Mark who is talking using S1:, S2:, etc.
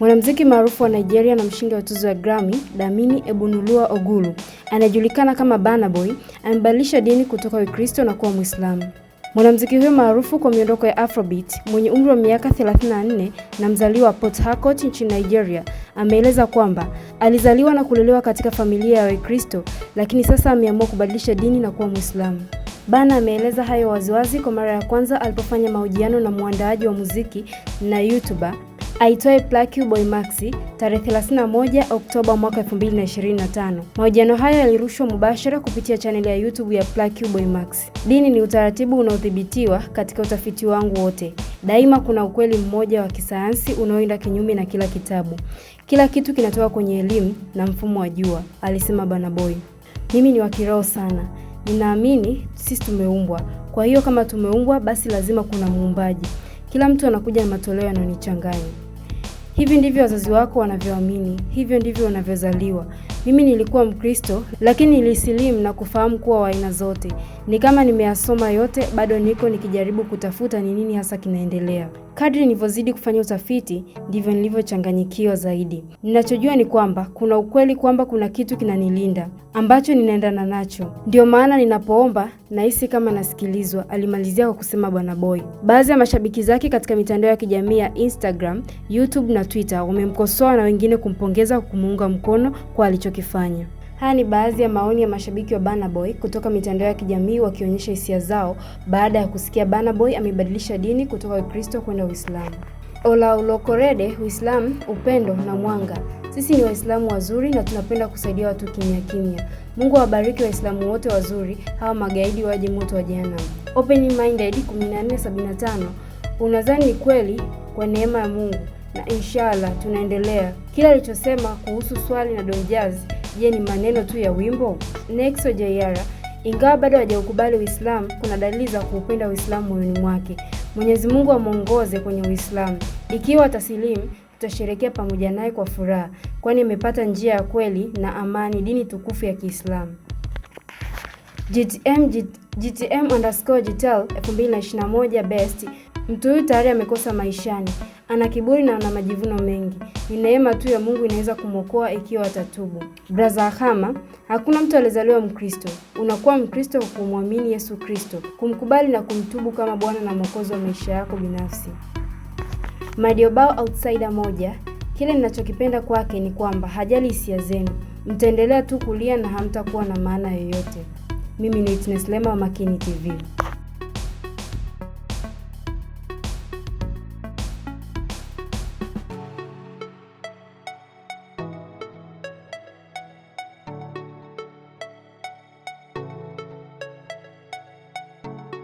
S1: Mwanamuziki maarufu wa Nigeria na mshindi wa tuzo ya Grammy, Damini ebunulua Ogulu, anayejulikana kama Burna Boy, amebadilisha dini kutoka Ukristo na kuwa Mwislamu. Mwanamuziki huyo maarufu kwa miondoko ya Afrobeat, mwenye umri wa miaka 34 na mzaliwa wa Port Harcourt nchini Nigeria, ameeleza kwamba alizaliwa na kulelewa katika familia ya Wakristo, lakini sasa ameamua kubadilisha dini na kuwa Mwislamu. Burna ameeleza hayo waziwazi kwa mara ya kwanza alipofanya mahojiano na mwandaaji wa muziki na YouTuber aitwaye Plucky Boy Maxi tarehe 31 Oktoba mwaka 2025. Mahojiano hayo yalirushwa mubashara kupitia chaneli ya YouTube ya Plucky Boy Maxi. Dini ni utaratibu unaothibitiwa Katika utafiti wangu wote, daima kuna ukweli mmoja wa kisayansi unaoenda kinyume na kila kitabu. Kila kitu kinatoka kwenye elimu na mfumo wa jua, alisema Bana Boy. Mimi ni wa kiroho sana, ninaamini sisi tumeumbwa. Kwa hiyo kama tumeumbwa, basi lazima kuna muumbaji. Kila mtu anakuja na matoleo yanayonichanganya. Hivi ndivyo wazazi wako wanavyoamini, hivyo ndivyo wanavyozaliwa. Mimi nilikuwa Mkristo, lakini nilisilimu na kufahamu kuwa wa aina zote. Ni kama nimeyasoma yote, bado niko nikijaribu kutafuta ni nini hasa kinaendelea. Kadri nilivyozidi kufanya utafiti, ndivyo nilivyochanganyikiwa zaidi. Ninachojua ni kwamba kuna ukweli kwamba kuna kitu kinanilinda ambacho ninaendana nacho, ndio maana ninapoomba nahisi kama nasikilizwa, alimalizia kwa kusema Bwana Boy. Baadhi ya mashabiki zake katika mitandao ya kijamii ya Instagram, YouTube na Twitter wamemkosoa na wengine kumpongeza kumuunga mkono kwa alicho alichokifanya. Haya ni baadhi ya maoni ya mashabiki wa Burna Boy kutoka mitandao ya kijamii wakionyesha hisia zao baada ya kusikia Burna Boy amebadilisha dini kutoka Ukristo kwenda Uislamu. Olaulokorede, Uislamu, upendo na mwanga. Sisi ni Waislamu wazuri na tunapenda kusaidia watu kimya kimya. Mungu awabariki Waislamu wote wazuri, hawa magaidi waje moto wa jehanamu. Open minded 1475 unadhani ni kweli? Kwa neema ya Mungu na inshallah tunaendelea. Kila alichosema kuhusu Swali na Don Jazz, je, ni maneno tu ya wimbo? Nexo JR, ingawa bado hajaukubali Uislamu, kuna dalili za kuupenda Uislamu moyoni mwake. Mwenyezi Mungu amwongoze kwenye Uislamu. Ikiwa atasilimu, tutasherekea pamoja naye kwa furaha, kwani amepata njia ya kweli na amani, dini tukufu ya Kiislamu. GTM GTM underscore GTL 2021 best Mtu huyu tayari amekosa maishani, ana kiburi na ana majivuno mengi. Ni neema tu ya Mungu inaweza kumwokoa ikiwa atatubu. Brother Ahama, hakuna mtu alizaliwa Mkristo. Unakuwa Mkristo kwa kumwamini Yesu Kristo, kumkubali na kumtubu kama Bwana na Mwokozi wa maisha yako binafsi. Madiobao outsider moja, kile ninachokipenda kwake ni kwamba hajali hisia zenu, mtaendelea tu kulia na hamtakuwa na maana yoyote. Mimi ni Witness Lema wa Makini TV.